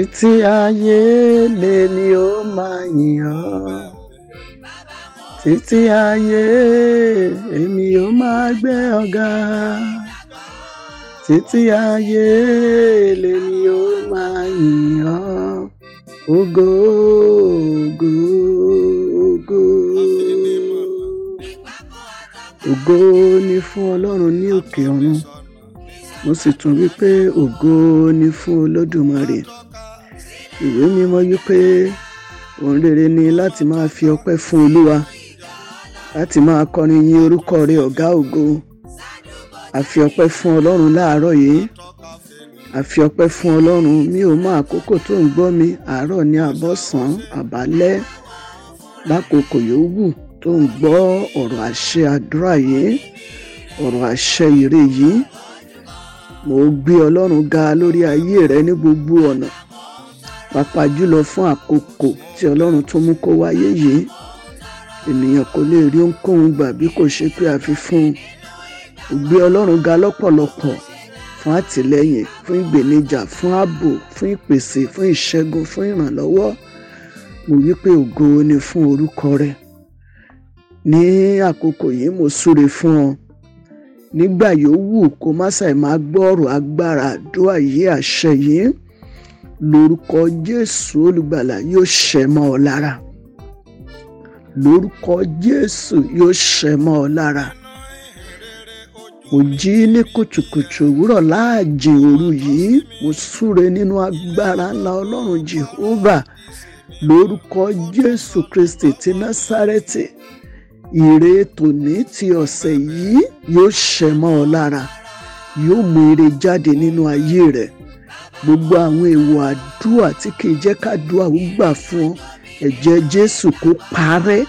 títí ayé lèmi ó máa yìn ọ́ títí ayé èmi ó máa gbé ọ̀gá títí ayé lèmi ó máa yìn ọ́ ògo ògo ògo ògo ni fún Ọlọ́run ní òkè ọ̀run mo sì tún wí pé ògo ni fún Olódùmarè ìwé mímọ́ yí pé ohun rere ni láti máa fi ọpẹ́ fún olúwa láti máa kọrin yìn orúkọ rẹ̀ ọ̀gá ògo a fi ọpẹ́ fún ọlọ́run láàárọ̀ yìí a fi ọpẹ́ fún ọlọ́run mi ò mọ àkókò tó ń gbọ́ mi àárọ̀ ní àbọ̀sán àbálẹ́ lákòókò yòówù tó ń gbọ́ ọ̀rọ̀ àṣẹ àdúrà yìí ọ̀rọ̀ àṣẹ ire yìí mo gbé ọlọ́run ga lórí ayé rẹ ní gbogbo ọ̀nà pàápàá jùlọ fún àkókò tí Ọlọ́run tó mú kó wáyé yìí ènìyàn kò lè rí ohunkóhun gbà bí kò ṣe pé àfi fún un gbé Ọlọ́run ga lọ́pọ̀lọpọ̀ fún àtìlẹ́yìn fún ìgbèníjà fún ààbò fún ìpèsè fún ìṣẹ́gun fún ìrànlọ́wọ́ mo wí pé ògo ni fún orúkọ rẹ ní àkókò yìí mo súre fún ọ nígbà yòówù kó má ṣàì máa gbọ́ ọ̀rọ̀ agbára àdúrà yìí àṣẹ yìí lórúkọ jésù olùgbàlà yóò ṣẹ mọ ọ lára lórúkọ jésù yóò ṣẹ mọ ọ lára òjì ní kùtùkùtù òwúrọ láàjì òru yìí mo súre nínú agbára ńlá ọlọrun jehova lórúkọ jésù kristi ti násàrẹtì ìrè tòní ti ọsẹ yìí yóò ṣẹ mọ ọ lára yóò mú ire jáde nínú ayé rẹ. E gbogbo àwọn èèwọ̀ àdúrà tí kì í jẹ́ kádùá ó gbà fún ọ ẹ̀jẹ̀ Jésù kó parẹ́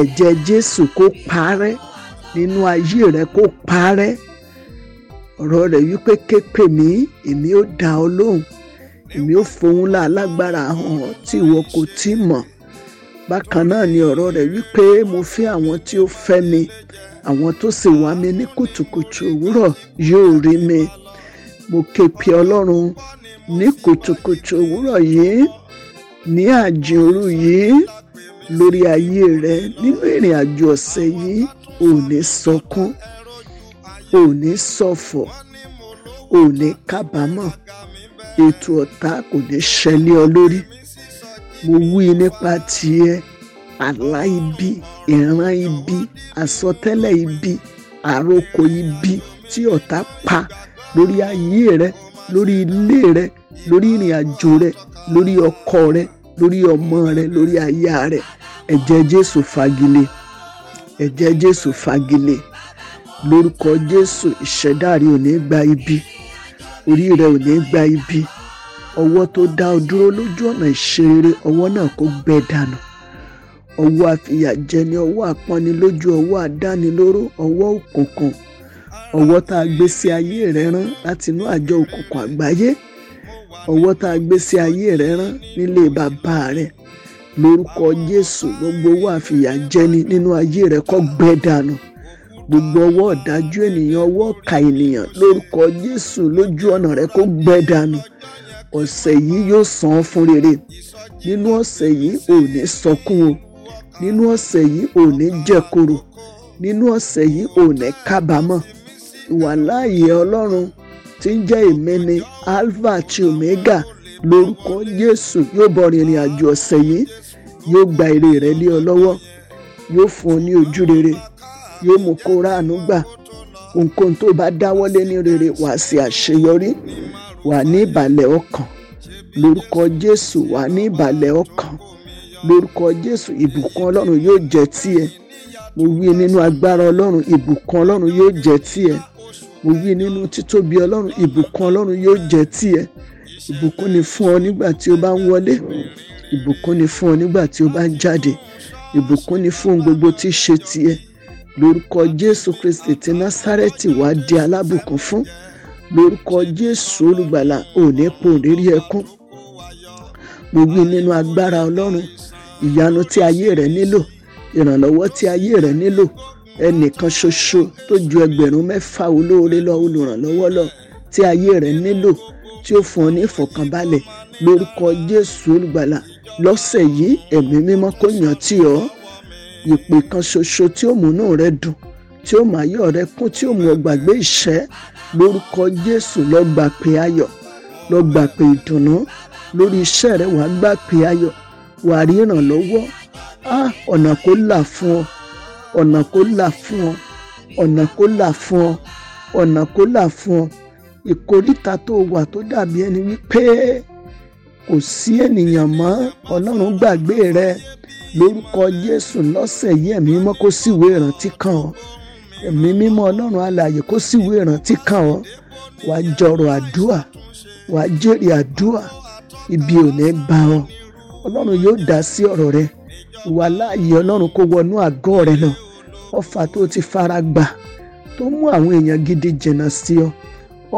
ẹ̀jẹ̀ Jésù kó parẹ́ nínú ayé rẹ kó parẹ́ ọ̀rọ̀ rẹ̀ wípé képe mi èmi ó dá ọ lóhùn èmi ó fohùn la alágbára hàn tí ìwọ kò tí mọ̀ bákan náà ni ọ̀rọ̀ rẹ̀ wípé mo fẹ́ àwọn tí ó fẹ́ mi àwọn tó sì wá mi ní kùtùkùtù òwúrọ̀ yóò rí mi mo ké pe ọlọ́run ní kùtùkùtù òwúrọ̀ yìí ní àjìn òru yìí lórí ayé rẹ nínú ìrìn àjò ọ̀sẹ̀ yìí ò ní sọkún ò ní ṣọ̀fọ̀ ò ní kábàámọ̀ ètò ọ̀tá kò ní ṣẹlẹ̀ ọ lórí mo wí nípa tiẹ̀ àlá ibi ìran ibi àsọtẹ́lẹ̀ ibi àròkọ ibi tí ọ̀tá pa lórí ayé rẹ lórí ilé rẹ lórí ìrìn àjò rẹ lórí ọkọ rẹ lórí ọmọ rẹ lórí aya rẹ ẹ̀jẹ̀ Jésù fagilé ẹ̀jẹ̀ Jésù fagilé lórúkọ Jésù ìṣẹ̀dá rẹ ò ní gba ibi orí rẹ ò ní gba ibi ọwọ́ tó dá ọ dúró lójú ọ̀nà ìṣeré ọwọ́ náà kó gbẹ dànù ọwọ́ àfìyàjẹni ọwọ́ àpọ́nilójú ọwọ́ àdánilóró ọwọ́ òkùnkùn ọwọ́ tá a gbé sí ayé rẹ rán láti inú àjọ òkùnkùn àgbáyé ọwọ́ tá a gbé sí ayé rẹ rán nílé bàbá rẹ lórúkọ Jésù gbogbo owó àfìyàjẹni nínú ayé rẹ kó gbẹ dànù gbogbo ọwọ́ ọ̀dájú ènìyàn ọwọ́ ọ̀ka ènìyàn lórúkọ Jésù lójú ọ̀nà rẹ kó gbẹ dànù ọ̀sẹ̀ yìí yóò san ọ́ fún rere nínú ọ̀sẹ̀ yìí ò sọkún o nínú ọ̀sẹ̀ yìí ò ní jẹ̀koro nínú ọ̀sẹ̀ yìí ò kábàámọ̀ ìwàláàyè ọlọ́run tí ń jẹ́ èmi alpha àti omega lórúkọ jésù yóò bọ̀ rìnrìn àjò ọ̀sẹ̀ yìí yóò gba èrè rẹ lé ọ lọ́wọ́ yóò fún ọ ní ojú rere yóò mú kó ráàánú gbà ohunkóhun tó bá dáwọ́lé ní rere wà á ṣe àṣeyọrí wà ní ìbàlẹ̀ ọkàn lórúkọ jésù wà ní ìbàlẹ̀ ọkàn lórúkọ jésù ìbùkún ọlọ́run yóò jẹ́ tiẹ̀ mo wí nínú agbára ọlọ́run ìbùkún ọlọ́run yóò jẹ́ tiẹ̀ mo wí nínú títóbi ọlọ́run ìbùkún ọlọ́run yóò jẹ́ tiẹ̀ ìbùkún ni fún ọ nígbà tí o bá ń wọlé ìbùkún ni fún ọ nígbà tí o bá ń jáde ìbùkún ni fún gbogbo tí í ṣe tiẹ̀ lórúkọ jésù kristi ti násárẹ́tì wá di alábùkún fún lórúkọ jésù olùgbàlà òní po òrírí ẹkún mo wí nínú agbára ọlọ́run ìyanu tí ayé rẹ nílò ìrànlọ́wọ́ tí ayé rẹ nílò ẹnìkan ṣoṣo tó ju ẹgbẹ̀rún mẹ́fà olóore lọ olùrànlọ́wọ́ lọ tí ayé rẹ̀ nílò tí ó fún ọ ní ìfọ̀kànbalẹ̀ lórúkọ Jésù olùgbàlà lọ́sẹ̀ yìí ẹ̀mí mímọ́ kó yàn tí ọ́ ìpè kan ṣoṣo tí ó múnú rẹ dùn tí ó máyọ̀ rẹ kún tí ó mú ọ gbàgbé ìṣẹ́ lórúkọ Jésù lọ pé ayọ̀ lọ pé ìdùnnú lórí iṣẹ́ rẹ wàá gbà pé ayọ̀ wàá rí ìrànlọ́wọ́ ọ̀nà kó là fún ọ ọ̀nà kó là fún ọ ọ̀nà kó là fún ọ ọ̀nà kó là fún ọ ìkóríta tó wà tó dàbí ẹni wípé kò sí ènìyàn mọ́ ọlọ́run gbàgbé rẹ lórúkọ jésù lọ́sẹ̀ yìí ẹ̀mí mímọ́ kó síwèé ìrántí kàn ọ́ ẹ̀mí mímọ́ ọlọ́run alààyè kó síwèé ìrántí kàn ọ́ wàá jọrọ̀ àdúà á jèrè àdúà ibi ò ní bá ọ ọlọ́run yóò dá sí ọ̀rọ̀ rẹ ìwà láàyè ọlọ́run kó wọnú àgọ́ rẹ lọ ọfà tó ti fara gbà tó mú àwọn èèyàn gidi jìnnà sí ọ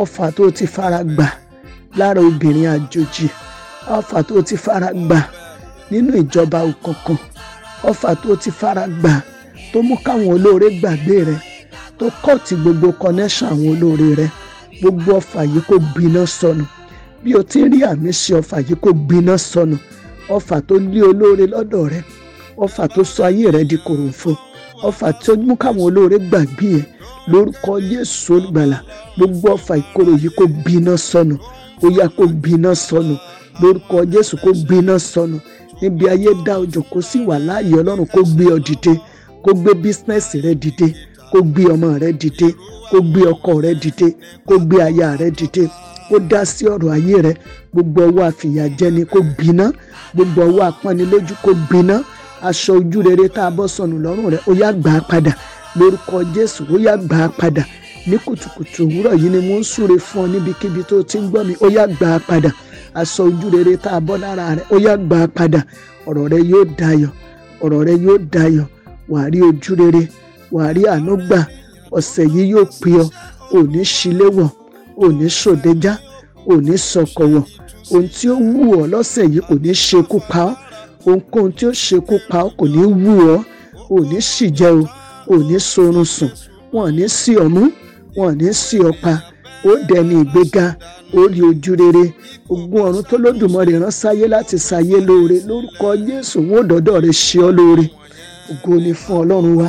ọfà tó ti fara gbà lára obìnrin àjòjì ọfà tó ti fara gbà nínú ìjọba òkọ̀kan ọfà tó ti fara gbà tó mú káwọn olóore gbàgbé rẹ tó kọ́ọ̀tì gbogbo connection àwọn olóore rẹ gbogbo ọfà yìí kò gbiná sọnù bí o ti rí àmì ṣe ọfà yìí kò gbiná sọnù ọfà tó lé olóore lọ́dọ̀ rẹ ọfà tó sọ ayé rẹ di kòròfo ọfà tí ó mú káwọn olóore gbàgbé ẹ lórúkọ Jésù olùgbàlà gbogbo ọfà ìkorò yìí kó gbiná sọnù ó yá kó gbiná sọnù lórúkọ Jésù kó gbiná sọnù níbi ayé dá ọjọ́ kó sì wà láàyè Ọlọ́run kó gbé ọ dìde kó gbé bísínẹsì rẹ dìde kó gbé ọmọ rẹ dìde kó gbé ọkọ rẹ dìde kó gbé aya rẹ dìde kó dá sí ọ̀rọ̀ ayé rẹ gbogbo ọwọ́ àfìyàjẹni kó gbiná gbogbo ọwọ́ apọ́nilójú kó gbiná aṣọ ojú rere tá a bọ́ sọnù lọ́rùn rẹ ó yá gbà á padà lórúkọ Jésù ó yá gbà á padà ní kùtùkùtù òwúrọ̀ yìí ni mo ń súre fún ọ níbikíbi tó ti ń gbọ́ mi ó yá gbà á padà aṣọ ojú rere tá a bọ́ lára rẹ ó yá gbà á padà ọ̀rọ̀ rẹ yóò dayọ̀ ọ̀rọ̀ rẹ yóò dayọ̀ wàá rí ojú rere wàá rí àánú ọ̀sẹ̀ yìí yóò pè ọ́ òní ṣílẹ̀wọ̀ òní ṣòdejá òní sọ̀kọ̀wọ̀ ohun tí ó wù ọ́ lọ́sẹ̀ yìí kò ní ṣekú pa ọ́ ohunkóhun tí ó ṣekú pa ọ́ kò ní wù ọ́ ò ní sì jẹ o ò ní sorun sùn wọn ò ní sí ọmú wọn ò ní sí ọpa ó dẹni ìgbéga ó rí ojú rere ogun ọ̀run tó lódùmarè rán sáyé láti sáyé lóore lórúkọ Jésù wọn ò dọ́dọ̀ rẹ̀ ṣe ọ́ lóore ògo ni fún Ọlọ́run wa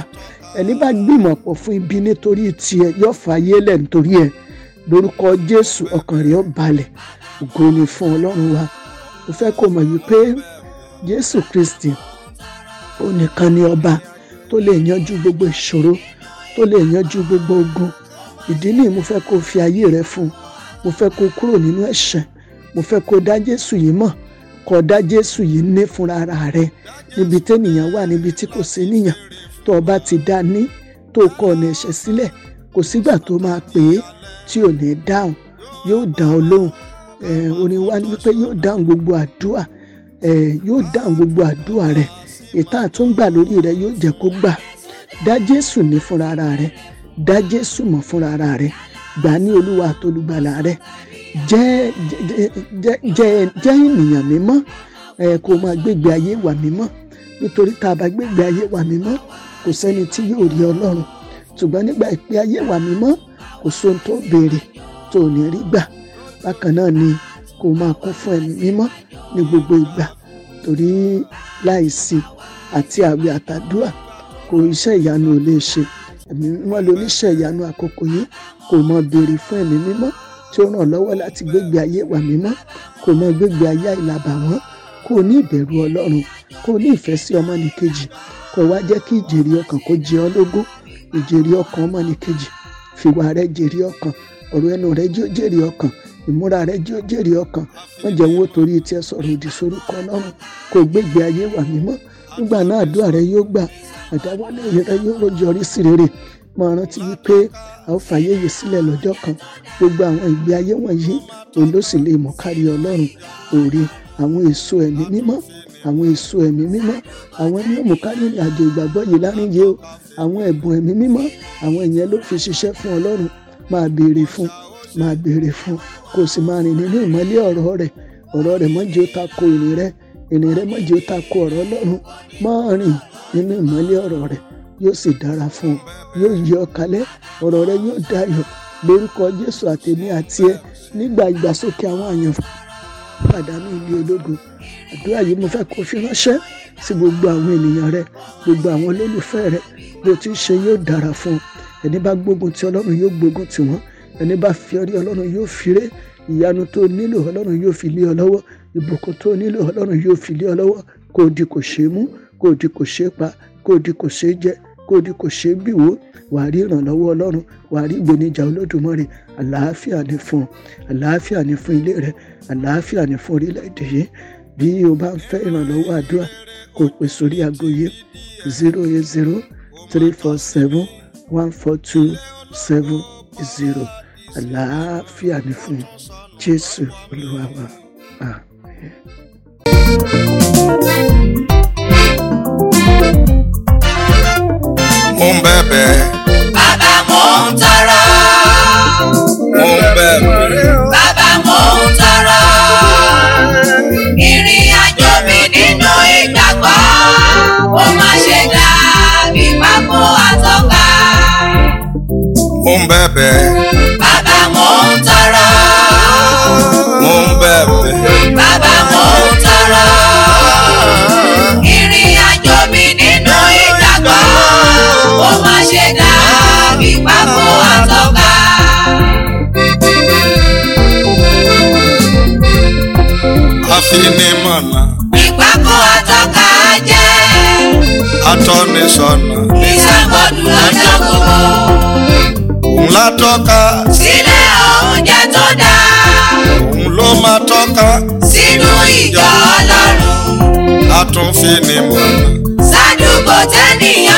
ẹni bá gbìmọ̀ pọ̀ fún ibi nítorí tiẹ̀ yóò fàyè lẹ̀ nítorí ẹ̀ lórúkọ Jésù ọkàn rẹ̀ ó balẹ̀ ògo ni fún Ọlọ́run wa mo fẹ́ kó mọ̀ yìí pé jésù kristi ó nìkan ni ọba tó lè yanjú gbogbo ìṣòro tó lè yanjú gbogbo ogun ìdí nìyí mo fẹ́ kó fi ayé rẹ fún mo fẹ́ kó kúrò nínú ẹ̀ṣẹ̀ mo fẹ́ kó dá jésù yìí mọ̀ kó dá jésù yìí ní fúnra rẹ níbi tẹ́nìyàn wà níbi tí kò sí níyàn tó o bá ti dá ní tó o kọ̀ ọ̀nà ẹ̀ṣẹ̀ sílẹ̀ kò sígbà tó máa pè é tí ò ní dáhùn yóò dá ọ lóhùn orin wa ni wípé yóò dáhùn gbogbo àdúrà yóò dáhùn gbogbo àdúrà rẹ ìta àtúngbà lórí rẹ yóò jẹ́ kó gbà dá jésù ní fúnra ara rẹ dá jésù mọ̀ fúnra ara rẹ gbà ní olúwa àtolúgbàlà rẹ jẹ́ jẹ́ jẹ́ jẹ́ ènìyàn mímọ́ kó o máa gbégbé ayé wà mímọ́ nítorí tá a bá gbégbé ayé wà mímọ́ kò sẹ́ni tí yóò rí ọlọ́run ṣùgbọ́n nígbà ìpè ayé wà mímọ́ kò sóhun tó béèrè tó ò ní rí gbà bákan náà ni kó o máa kún fún ẹ̀mí mímọ́ ní gbogbo ìgbà torí láìsí àti àwẹ̀ àtàdúrà kò iṣẹ́ ìyanu ò lè ṣe ẹ̀mí mímọ́ lóníṣẹ́ ìyanu àkókò yìí kò mọ béèrè fún ẹ̀mí mímọ́ tí ó ràn lọ́wọ́ láti gbégbé ayé wà mímọ́ kò mọ gbégbé ayé àìlàbà wọn kò ní ìbẹ̀rù ọlọ́run kò ní ìfẹ́ sí ọmọnìkejì kò wá jẹ́ kí ìjèrè ọkàn kó jẹ ọ́ lógún ìjèrè ọkàn ọmọnìkejì fìwà rẹ jèrè ọkàn ọ̀rọ̀ ẹnu rẹ jẹ́ jèrè ọkàn ìmúra rẹ jẹ́ òjèrè ọkàn wọ́n jẹ́ owó torí tiẹ̀ sọ̀rọ̀ òdì sorúkọ ọlọ́run kò gbégbé ayé wà mímọ́ nígbà náà àdúrà rẹ yóò gbà àdáwọ́lé rẹ yóò rọjò rí sí rere máa rántí wípé a ó fàyè yìí sílẹ̀ lọ́jọ́ kan gbogbo àwọn ìgbé ayé wọ̀nyí òun ló sì lè mọ̀ kárí ọlọ́run òòrè àwọn èso ẹ̀mí mímọ́ àwọn èso ẹ̀mí mímọ́ àwọn ẹni òmùkárí ìrìn àjò ìgbàgbọ́ yìí láríyé o àwọn ẹ̀bùn ẹ̀mí mímọ́ àwọn ìyẹn ló fi ṣiṣẹ́ fún ọlọ́run máa béèrè fún un máa béèrè fún kó o sì máa rìn nínú ìmọ́lẹ̀ ọ̀rọ̀ rẹ̀ ọ̀rọ̀ rẹ̀ má jẹ́ ó tako ìrìn rẹ̀ ìrìn rẹ̀ má jẹ́ ó tako ọ̀rọ̀ Ọlọ́run máa rìn nínú ìmọ́lẹ̀ ọ̀rọ̀ rẹ̀ yóò sì dára fún ọ yóò yọ ọ kalẹ̀ ọ̀rọ̀ rẹ̀ yóò dayọ̀ lórúkọ Jésù àtẹmí àti ẹ nígbà ìgbàsókè àwọn àyànfẹ́ pàdánù ilé ológun àdúrà yìí mo fẹ́ kó fi ránṣẹ́ sí gbogbo àwọn ènìyàn rẹ gbogbo àwọn olólùfẹ́ rẹ bó ti ń ṣe yóò dára fún ẹni bá gbógun ti Ọlọ́run yóò gbógun tì wọ́n ẹni bá fi ọrí ọlọ́run yóò fi ré ìyanu tó nílò ọlọ́run yóò fi lé ọ lọ́wọ́ ìbùkún tó nílò ọlọ́run yóò fi lé ọ lọ́wọ́ kò di kò ṣe mú kò di kò ṣe pa kò di kò ṣe jẹ kò di kò ṣe bíwò wà á rí ìrànlọ́wọ́ ọlọ́run wà rí ìgbéníjà olódùmarè àlàáfíà ni fún ọ àlàáfíà ni fún ilé rẹ àlàáfíà ni fún orílẹ̀-èdè yìí bí o bá ń fẹ́ ìrànlọ́wọ́ àdúrà kò pè sórí aago yìí zero eight zero three four seven one four two seven zero àlàáfíà ní fún jésù olúwa wa àmín. mo ń bẹ̀bẹ̀. bàbá mo ń tọrọ. mo ń bẹ̀bẹ̀. bàbá mo ń tọrọ. ìrìn àjò mi nínú ìgbàgbọ́ ó má ṣe dàbí pákó àtọ́ka. mo ń bẹ̀bẹ̀. sinimọ̀nà. ìpapò atọ́ka jẹ́. atọ́nisọ̀nà. ìsàkóòdù lọ́jọ́ gbogbo. òun látọ́ka. sílẹ̀ oúnjẹ tó dáa. òun ló máa tọ́ka. sínú ìjọ ọlọ́run. a tún fi ni mọ̀nà. sádùúgbò tẹ́nìyàn.